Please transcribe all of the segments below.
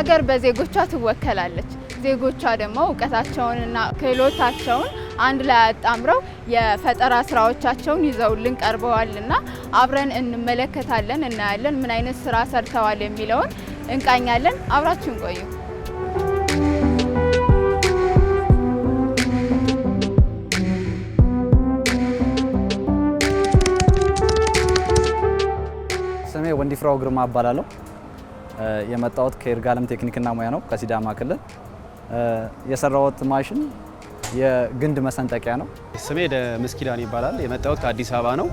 ሀገር በዜጎቿ ትወከላለች። ዜጎቿ ደግሞ እውቀታቸውንና ክህሎታቸውን አንድ ላይ አጣምረው የፈጠራ ስራዎቻቸውን ይዘውልን ቀርበዋልና አብረን እንመለከታለን፣ እናያለን ምን አይነት ስራ ሰርተዋል የሚለውን እንቃኛለን። አብራችሁን ቆዩ። ስሜ ወንዲፍራው ግርማ እባላለሁ። የመጣሁት ከይርጋለም ቴክኒክና ሙያ ነው ከሲዳማ ክልል። የሰራሁት ማሽን የግንድ መሰንጠቂያ ነው። ስሜ ደምስ ይባላል። የመጣሁት ከአዲስ አበባ ነው።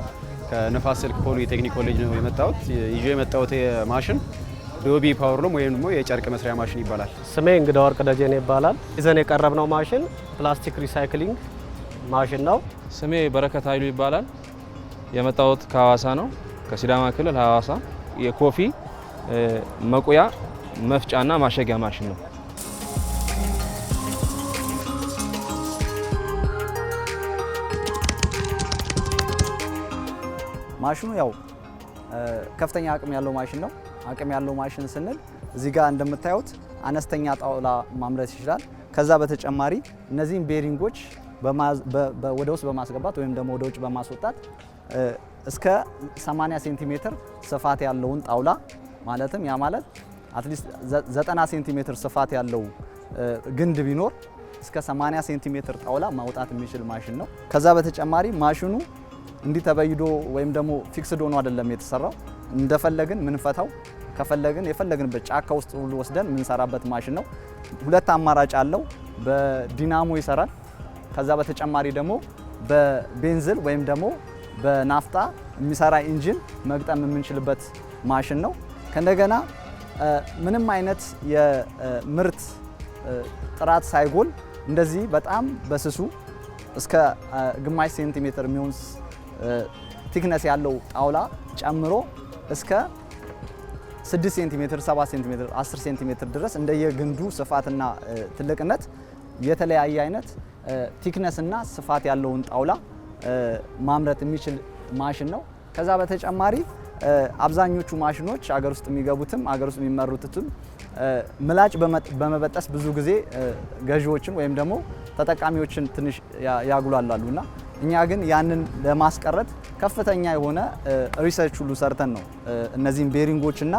ከነፋስ ስልክ ፖሊ ቴክኒክ ኮሌጅ ነው የመጣሁት። ይዞ የመጣሁት ማሽን ዶቢ ፓወርሉም ወይም ደግሞ የጨርቅ መስሪያ ማሽን ይባላል። ስሜ እንግዳ ወርቅ ደጀኔ ይባላል። ይዘን የቀረብነው ማሽን ፕላስቲክ ሪሳይክሊንግ ማሽን ነው። ስሜ በረከት ኃይሉ ይባላል። የመጣሁት ከሀዋሳ ነው፣ ከሲዳማ ክልል ሀዋሳ የኮፊ መቁያ መፍጫና ማሸጊያ ማሽን ነው። ማሽኑ ያው ከፍተኛ አቅም ያለው ማሽን ነው። አቅም ያለው ማሽን ስንል እዚህ ጋር እንደምታዩት አነስተኛ ጣውላ ማምረት ይችላል። ከዛ በተጨማሪ እነዚህን ቤሪንጎች ወደ ውስጥ በማስገባት ወይም ደግሞ ወደ ውጭ በማስወጣት እስከ 80 ሴንቲሜትር ስፋት ያለውን ጣውላ ማለትም ያ ማለት አትሊስት 90 ሴንቲሜትር ስፋት ያለው ግንድ ቢኖር እስከ 80 ሴንቲሜትር ጣውላ ማውጣት የሚችል ማሽን ነው። ከዛ በተጨማሪ ማሽኑ እንዲህ ተበይዶ ወይም ደግሞ ፊክስድ ሆኖ አይደለም የተሰራው። እንደፈለግን ምንፈታው ከፈለግን የፈለግንበት ጫካ ውስጥ ሁሉ ወስደን የምንሰራበት ማሽን ነው። ሁለት አማራጭ አለው። በዲናሞ ይሰራል። ከዛ በተጨማሪ ደግሞ በቤንዝል ወይም ደግሞ በናፍጣ የሚሰራ ኢንጂን መግጠም የምንችልበት ማሽን ነው። ከእንደገና ምንም አይነት የምርት ጥራት ሳይጎል እንደዚህ በጣም በስሱ እስከ ግማሽ ሴንቲሜትር የሚሆን ቲክነስ ያለው ጣውላ ጨምሮ እስከ 6 ሴንቲሜትር፣ 7 ሴንቲሜትር፣ 10 ሴንቲሜትር ድረስ እንደየግንዱ ስፋትና ትልቅነት የተለያየ አይነት ቲክነስ እና ስፋት ያለውን ጣውላ ማምረት የሚችል ማሽን ነው። ከዛ በተጨማሪ አብዛኞቹ ማሽኖች አገር ውስጥ የሚገቡትም አገር ውስጥ የሚመሩትትም ምላጭ በመበጠስ ብዙ ጊዜ ገዢዎችን ወይም ደግሞ ተጠቃሚዎችን ትንሽ ያጉላላሉ እና እኛ ግን ያንን ለማስቀረት ከፍተኛ የሆነ ሪሰርች ሁሉ ሰርተን ነው እነዚህም ቤሪንጎች እና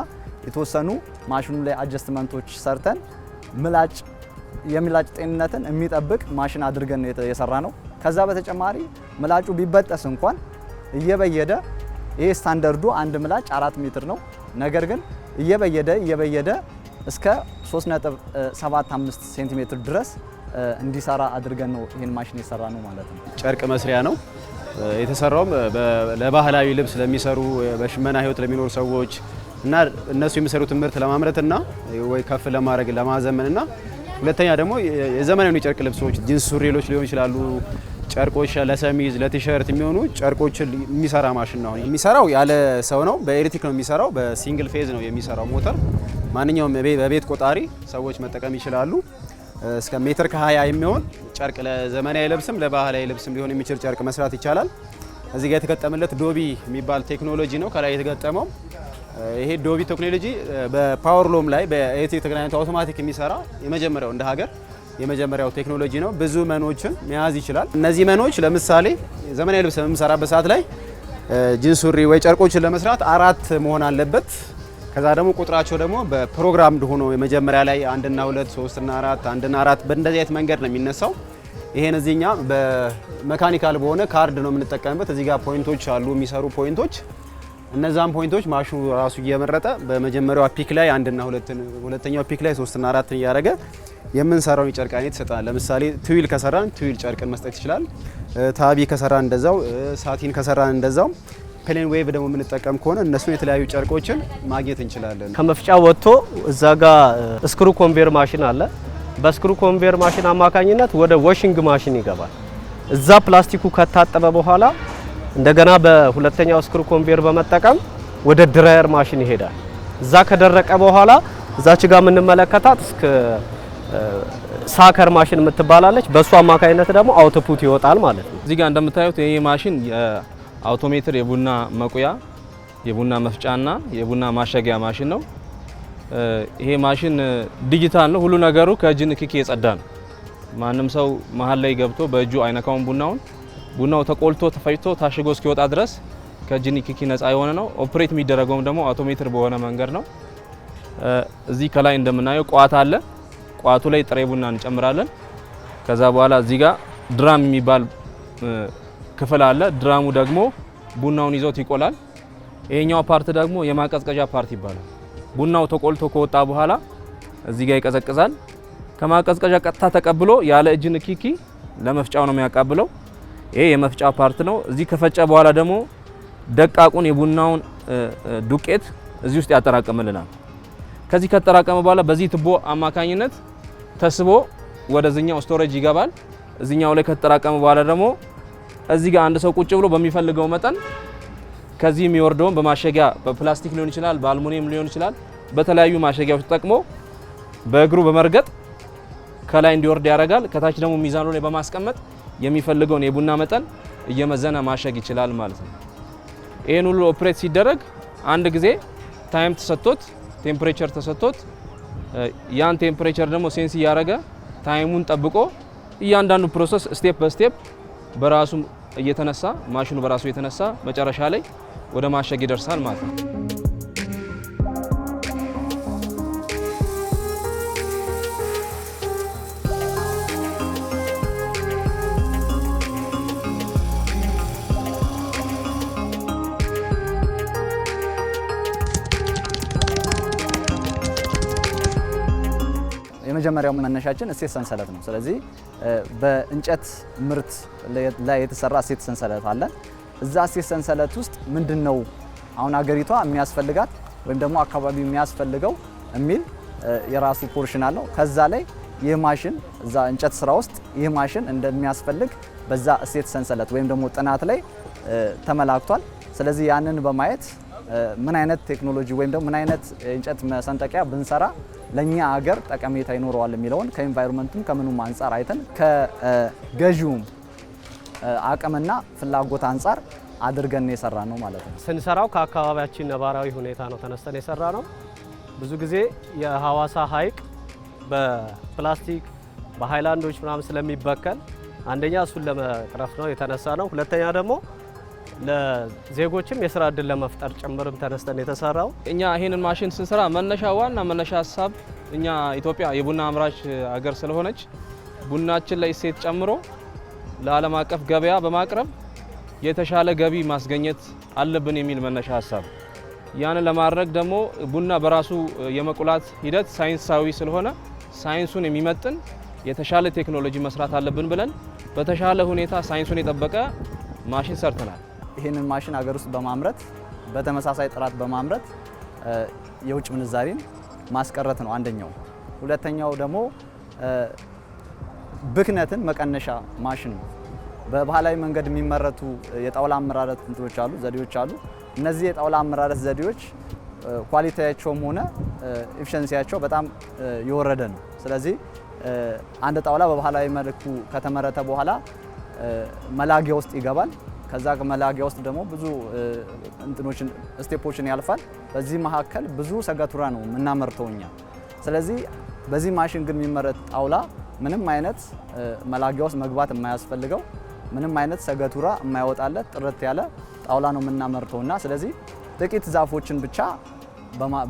የተወሰኑ ማሽኑ ላይ አጀስትመንቶች ሰርተን ምላጭ የምላጭ ጤንነትን የሚጠብቅ ማሽን አድርገን የሰራ ነው። ከዛ በተጨማሪ ምላጩ ቢበጠስ እንኳን እየበየደ ይሄ ስታንዳርዱ አንድ ምላጭ አራት ሜትር ነው። ነገር ግን እየበየደ እየበየደ እስከ 3.75 ሴንቲሜትር ድረስ እንዲሰራ አድርገን ነው ይህን ማሽን የሰራ ነው ማለት ነው። ጨርቅ መስሪያ ነው የተሰራውም ለባህላዊ ልብስ ለሚሰሩ በሽመና ህይወት ለሚኖሩ ሰዎች እና እነሱ የሚሰሩት ምርት ለማምረትና ወይ ከፍ ለማድረግ ለማዘመንና ሁለተኛ ደግሞ የዘመናዊ የጨርቅ ልብሶች ጂንስ ሱሪሎች ሊሆን ይችላሉ ጨርቆች ለሰሚዝ ለቲሸርት የሚሆኑ ጨርቆችን የሚሰራ ማሽን ነው። የሚሰራው ያለ ሰው ነው፣ በኤሌክትሪክ ነው የሚሰራው። በሲንግል ፌዝ ነው የሚሰራው ሞተር። ማንኛውም በቤት ቆጣሪ ሰዎች መጠቀም ይችላሉ። እስከ ሜትር ከ20 የሚሆን ጨርቅ ለዘመናዊ ልብስም ለባህላዊ ልብስም ሊሆን የሚችል ጨርቅ መስራት ይቻላል። እዚህ ጋር የተገጠመለት ዶቢ የሚባል ቴክኖሎጂ ነው ከላይ የተገጠመው። ይሄ ዶቢ ቴክኖሎጂ በፓወር ሎም ላይ በኤሌክትሪክ ተገናኝቶ አውቶማቲክ የሚሰራ የመጀመሪያው እንደ ሀገር የመጀመሪያው ቴክኖሎጂ ነው። ብዙ መኖችን መያዝ ይችላል። እነዚህ መኖች ለምሳሌ ዘመናዊ ልብስ በምንሰራበት ሰዓት ላይ ጂንስ ሱሪ ወይ ጨርቆችን ለመስራት አራት መሆን አለበት። ከዛ ደግሞ ቁጥራቸው ደግሞ በፕሮግራም ሆኖ የመጀመሪያ ላይ አንድና ሁለት፣ ሶስትና አራት፣ አንድና አራት በእንደዚህ አይነት መንገድ ነው የሚነሳው። ይሄን እዚህኛ በመካኒካል በሆነ ካርድ ነው የምንጠቀምበት። እዚህ ጋር ፖይንቶች አሉ፣ የሚሰሩ ፖይንቶች። እነዛም ፖይንቶች ማሽኑ ራሱ እየመረጠ በመጀመሪያው ፒክ ላይ አንድና ሁለትን፣ ሁለተኛው ፒክ ላይ ሶስትና አራትን እያደረገ የምንሰራውን የጨርቅ አይነት ይሰጠናል። ለምሳሌ ትዊል ከሰራን ትዊል ጨርቅን መስጠት ይችላል። ታቢ ከሰራን እንደዛው፣ ሳቲን ከሰራን እንደዛው። ፕሌን ዌቭ ደግሞ የምንጠቀም ከሆነ እነሱን የተለያዩ ጨርቆችን ማግኘት እንችላለን። ከመፍጫ ወጥቶ እዛ ጋ ስክሩ ኮንቬየር ማሽን አለ። በስክሩ ኮንቬየር ማሽን አማካኝነት ወደ ዋሽንግ ማሽን ይገባል። እዛ ፕላስቲኩ ከታጠበ በኋላ እንደገና በሁለተኛው ስክሩ ኮንቬየር በመጠቀም ወደ ድራየር ማሽን ይሄዳል። እዛ ከደረቀ በኋላ እዛች ጋር የምንመለከታት ሳከር ማሽን የምትባላለች በእሱ አማካኝነት ደግሞ አውትፑት ይወጣል ማለት ነው። እዚህ ጋር እንደምታዩት ይህ ማሽን የአውቶሜትር የቡና መቁያ፣ የቡና መፍጫና የቡና ማሸጊያ ማሽን ነው። ይሄ ማሽን ዲጂታል ነው። ሁሉ ነገሩ ከእጅ ንክኪ የጸዳ ነው። ማንም ሰው መሀል ላይ ገብቶ በእጁ አይነካውን ቡናውን ቡናው ተቆልቶ ተፈጭቶ ታሽጎ እስኪወጣ ድረስ ከእጅ ንክኪ ነጻ የሆነ ነው። ኦፕሬት የሚደረገውም ደግሞ አውቶሜትር በሆነ መንገድ ነው። እዚህ ከላይ እንደምናየው ቋት አለ። ቋቱ ላይ ጥሬ ቡና እንጨምራለን። ከዛ በኋላ እዚህ ጋር ድራም የሚባል ክፍል አለ። ድራሙ ደግሞ ቡናውን ይዞት ይቆላል። ይሄኛው ፓርት ደግሞ የማቀዝቀዣ ፓርት ይባላል። ቡናው ተቆልቶ ከወጣ በኋላ እዚህ ጋር ይቀዘቅዛል። ከማቀዝቀዣ ቀጥታ ተቀብሎ ያለ እጅ ንኪኪ ለመፍጫው ነው የሚያቀብለው። ይሄ የመፍጫ ፓርት ነው። እዚህ ከፈጨ በኋላ ደግሞ ደቃቁን የቡናውን ዱቄት እዚህ ውስጥ ያጠራቅምልናል። ከዚህ ከተጠራቀመ በኋላ በዚህ ትቦ አማካኝነት ተስቦ ወደዚህኛው ስቶሬጅ ይገባል። እዚህኛው ላይ ከተጠራቀመ በኋላ ደግሞ እዚህ ጋር አንድ ሰው ቁጭ ብሎ በሚፈልገው መጠን ከዚህ የሚወርደውን በማሸጊያ በፕላስቲክ ሊሆን ይችላል፣ በአልሙኒየም ሊሆን ይችላል፣ በተለያዩ ማሸጊያዎች ተጠቅሞ በእግሩ በመርገጥ ከላይ እንዲወርድ ያደርጋል። ከታች ደግሞ ሚዛኑ ላይ በማስቀመጥ የሚፈልገውን የቡና መጠን እየመዘነ ማሸግ ይችላል ማለት ነው። ይህን ሁሉ ኦፕሬት ሲደረግ አንድ ጊዜ ታይም ተሰጥቶት ቴምፕሬቸር ተሰጥቶት ያን ቴምፕሬቸር ደግሞ ሴንስ እያደረገ ታይሙን ጠብቆ እያንዳንዱ ፕሮሰስ ስቴፕ በስቴፕ በራሱ እየተነሳ ማሽኑ በራሱ እየተነሳ መጨረሻ ላይ ወደ ማሸግ ይደርሳል ማለት ነው። የመጀመሪያው መነሻችን እሴት ሰንሰለት ነው። ስለዚህ በእንጨት ምርት ላይ የተሰራ እሴት ሰንሰለት አለ። እዛ እሴት ሰንሰለት ውስጥ ምንድን ነው አሁን አገሪቷ የሚያስፈልጋት ወይም ደግሞ አካባቢው የሚያስፈልገው የሚል የራሱ ፖርሽን አለው። ከዛ ላይ ይህ ማሽን እዛ እንጨት ስራ ውስጥ ይህ ማሽን እንደሚያስፈልግ በዛ እሴት ሰንሰለት ወይም ደግሞ ጥናት ላይ ተመላክቷል። ስለዚህ ያንን በማየት ምን አይነት ቴክኖሎጂ ወይም ደግሞ ምን አይነት የእንጨት መሰንጠቂያ ብንሰራ ለእኛ ሀገር ጠቀሜታ ይኖረዋል የሚለውን ከኤንቫይሮንመንቱም ከምኑም አንጻር አይተን ከገዢውም አቅምና ፍላጎት አንጻር አድርገን የሰራ ነው ማለት ነው። ስንሰራው ከአካባቢያችን ነባራዊ ሁኔታ ነው ተነስተን የሰራ ነው። ብዙ ጊዜ የሀዋሳ ሀይቅ በፕላስቲክ በሃይላንዶች ምናምን ስለሚበከል አንደኛ እሱን ለመቅረፍ ነው የተነሳ ነው። ሁለተኛ ደግሞ ለዜጎችም የስራ እድል ለመፍጠር ጭምርም ተነስተን የተሰራው። እኛ ይህንን ማሽን ስንሰራ መነሻ ዋና መነሻ ሀሳብ እኛ ኢትዮጵያ የቡና አምራች አገር ስለሆነች ቡናችን ላይ እሴት ጨምሮ ለዓለም አቀፍ ገበያ በማቅረብ የተሻለ ገቢ ማስገኘት አለብን የሚል መነሻ ሀሳብ። ያንን ለማድረግ ደግሞ ቡና በራሱ የመቁላት ሂደት ሳይንሳዊ ስለሆነ ሳይንሱን የሚመጥን የተሻለ ቴክኖሎጂ መስራት አለብን ብለን በተሻለ ሁኔታ ሳይንሱን የጠበቀ ማሽን ሰርተናል። ይህንን ማሽን አገር ውስጥ በማምረት በተመሳሳይ ጥራት በማምረት የውጭ ምንዛሪን ማስቀረት ነው አንደኛው። ሁለተኛው ደግሞ ብክነትን መቀነሻ ማሽን ነው። በባህላዊ መንገድ የሚመረቱ የጣውላ አመራረት እንትኖች አሉ፣ ዘዴዎች አሉ። እነዚህ የጣውላ አመራረት ዘዴዎች ኳሊቲያቸውም ሆነ ኤፊሸንሲያቸው በጣም የወረደ ነው። ስለዚህ አንድ ጣውላ በባህላዊ መልኩ ከተመረተ በኋላ መላጊያ ውስጥ ይገባል። ከዛ መላጊያ ውስጥ ደግሞ ብዙ እንትኖችን ስቴፖችን ያልፋል። በዚህ መካከል ብዙ ሰጋቱራ ነው የምናመርተው እኛ። ስለዚህ በዚህ ማሽን ግን የሚመረት ጣውላ ምንም አይነት መላጊያ ውስጥ መግባት የማያስፈልገው ምንም አይነት ሰገቱራ የማይወጣለት ጥርት ያለ ጣውላ ነው የምናመርተው እና ስለዚህ ጥቂት ዛፎችን ብቻ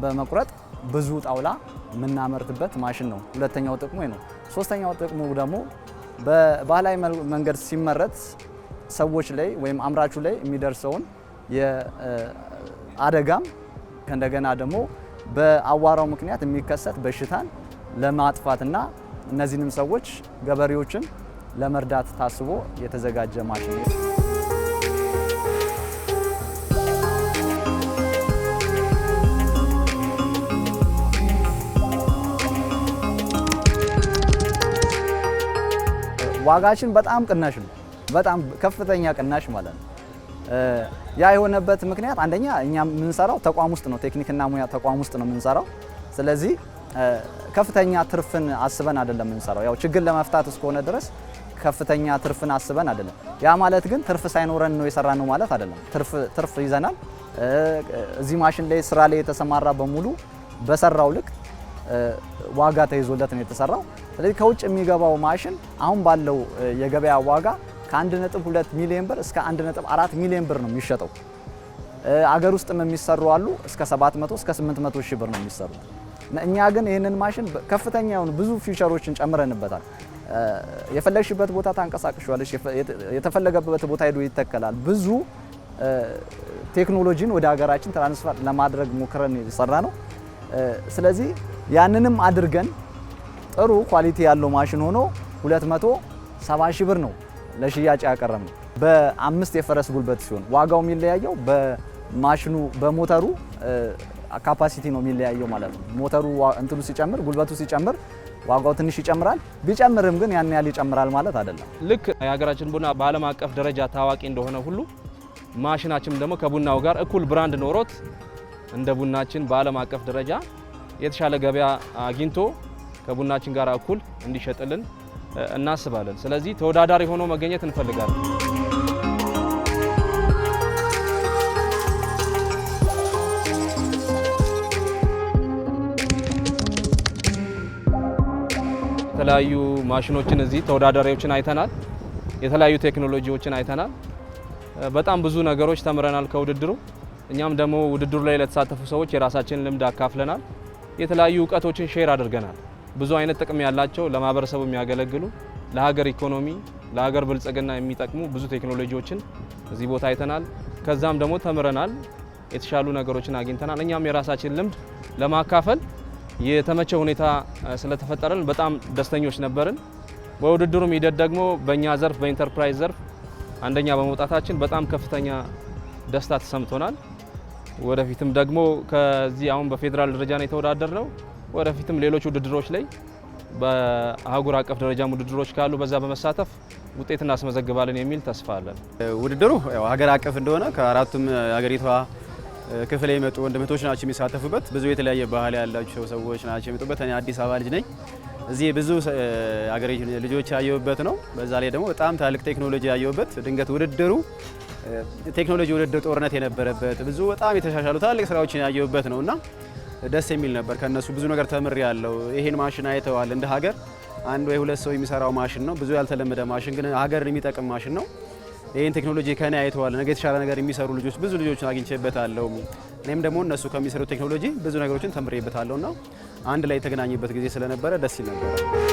በመቁረጥ ብዙ ጣውላ የምናመርትበት ማሽን ነው። ሁለተኛው ጥቅሙ ነው። ሶስተኛው ጥቅሙ ደግሞ በባህላዊ መንገድ ሲመረት ሰዎች ላይ ወይም አምራቹ ላይ የሚደርሰውን የአደጋም ከእንደገና ደግሞ በአዋራው ምክንያት የሚከሰት በሽታን ለማጥፋትና እነዚህንም ሰዎች ገበሬዎችን ለመርዳት ታስቦ የተዘጋጀ ማሽን ነው። ዋጋችን በጣም ቅናሽ ነው። በጣም ከፍተኛ ቅናሽ ማለት ነው። ያ የሆነበት ምክንያት አንደኛ እኛ የምንሰራው ተቋም ውስጥ ነው፣ ቴክኒክና ሙያ ተቋም ውስጥ ነው የምንሰራው። ስለዚህ ከፍተኛ ትርፍን አስበን አይደለም የምንሰራው። ያው ችግር ለመፍታት እስከሆነ ድረስ ከፍተኛ ትርፍን አስበን አይደለም። ያ ማለት ግን ትርፍ ሳይኖረን ነው የሰራ ነው ማለት አይደለም። ትርፍ ይዘናል። እዚህ ማሽን ላይ ስራ ላይ የተሰማራ በሙሉ በሰራው ልክ ዋጋ ተይዞለት ነው የተሰራው። ስለዚህ ከውጭ የሚገባው ማሽን አሁን ባለው የገበያ ዋጋ ከ1.2 ሚሊዮን ብር እስከ 1.4 ሚሊዮን ብር ነው የሚሸጠው። አገር ውስጥም የሚሰሩ አሉ እስከ 700 እስከ 800 ሺህ ብር ነው የሚሰሩ። እኛ ግን ይህንን ማሽን ከፍተኛ የሆኑ ብዙ ፊውቸሮችን ጨምረንበታል። የፈለግሽበት ቦታ ታንቀሳቅሽዋለሽ፣ የተፈለገበት ቦታ ሄዶ ይተከላል። ብዙ ቴክኖሎጂን ወደ ሀገራችን ትራንስፈር ለማድረግ ሞክረን የሰራ ነው። ስለዚህ ያንንም አድርገን ጥሩ ኳሊቲ ያለው ማሽን ሆኖ 270 ሺህ ብር ነው ለሽያጭ ነው። በአምስት የፈረስ ጉልበት ሲሆን ዋጋው የሚለያየው በማሽኑ በሞተሩ ካፓሲቲ ነው የሚለያየው ማለት ነው። ሞተሩ እንትኑ ሲጨምር ጉልበቱ ሲጨምር ዋጋው ትንሽ ይጨምራል። ቢጨምርም ግን ያን ያህል ይጨምራል ማለት አይደለም። ልክ የሀገራችን ቡና በዓለም አቀፍ ደረጃ ታዋቂ እንደሆነ ሁሉ ማሽናችን ደግሞ ከቡናው ጋር እኩል ብራንድ ኖሮት እንደ ቡናችን በዓለም አቀፍ ደረጃ የተሻለ ገበያ አግኝቶ ከቡናችን ጋር እኩል እንዲሸጥልን እናስባለን። ስለዚህ ተወዳዳሪ ሆኖ መገኘት እንፈልጋለን። የተለያዩ ማሽኖችን እዚህ ተወዳዳሪዎችን አይተናል። የተለያዩ ቴክኖሎጂዎችን አይተናል። በጣም ብዙ ነገሮች ተምረናል ከውድድሩ። እኛም ደግሞ ውድድሩ ላይ ለተሳተፉ ሰዎች የራሳችንን ልምድ አካፍለናል። የተለያዩ እውቀቶችን ሼር አድርገናል። ብዙ አይነት ጥቅም ያላቸው ለማህበረሰቡ የሚያገለግሉ ለሀገር ኢኮኖሚ ለሀገር ብልጽግና የሚጠቅሙ ብዙ ቴክኖሎጂዎችን እዚህ ቦታ አይተናል። ከዛም ደግሞ ተምረናል፣ የተሻሉ ነገሮችን አግኝተናል። እኛም የራሳችን ልምድ ለማካፈል የተመቸ ሁኔታ ስለተፈጠረን በጣም ደስተኞች ነበርን። በውድድሩም ሂደት ደግሞ በእኛ ዘርፍ በኢንተርፕራይዝ ዘርፍ አንደኛ በመውጣታችን በጣም ከፍተኛ ደስታ ተሰምቶናል። ወደፊትም ደግሞ ከዚህ አሁን በፌዴራል ደረጃ ነው የተወዳደር ነው ወደፊትም ሌሎች ውድድሮች ላይ በአህጉር አቀፍ ደረጃም ውድድሮች ካሉ በዛ በመሳተፍ ውጤት እናስመዘግባለን የሚል ተስፋ አለን። ውድድሩ ሀገር አቀፍ እንደሆነ ከአራቱም ሀገሪቷ ክፍል የመጡ ወንድምቶች ናቸው የሚሳተፉበት። ብዙ የተለያየ ባህል ያላቸው ሰዎች ናቸው የመጡበት። እኔ አዲስ አበባ ልጅ ነኝ። እዚህ ብዙ አገሬ ልጆች ያየሁበት ነው። በዛ ላይ ደግሞ በጣም ትልቅ ቴክኖሎጂ ያየሁበት ድንገት ውድድሩ ቴክኖሎጂ ውድድር ጦርነት የነበረበት ብዙ በጣም የተሻሻሉ ትልቅ ስራዎችን ያየሁበት ነው እና ደስ የሚል ነበር። ከነሱ ብዙ ነገር ተምር ያለው ይሄን ማሽን አይተዋል። እንደ ሀገር አንድ ወይ ሁለት ሰው የሚሰራው ማሽን ነው። ብዙ ያልተለመደ ማሽን ግን ሀገርን የሚጠቅም ማሽን ነው። ይህን ቴክኖሎጂ ከኔ አይተዋል። ነገ የተሻለ ነገር የሚሰሩ ልጆች ብዙ ልጆችን አግኝቼበታለሁ። እኔም ደግሞ እነሱ ከሚሰሩ ቴክኖሎጂ ብዙ ነገሮችን ተምሬበታለሁ እና አንድ ላይ የተገናኝበት ጊዜ ስለነበረ ደስ ይል ነበር።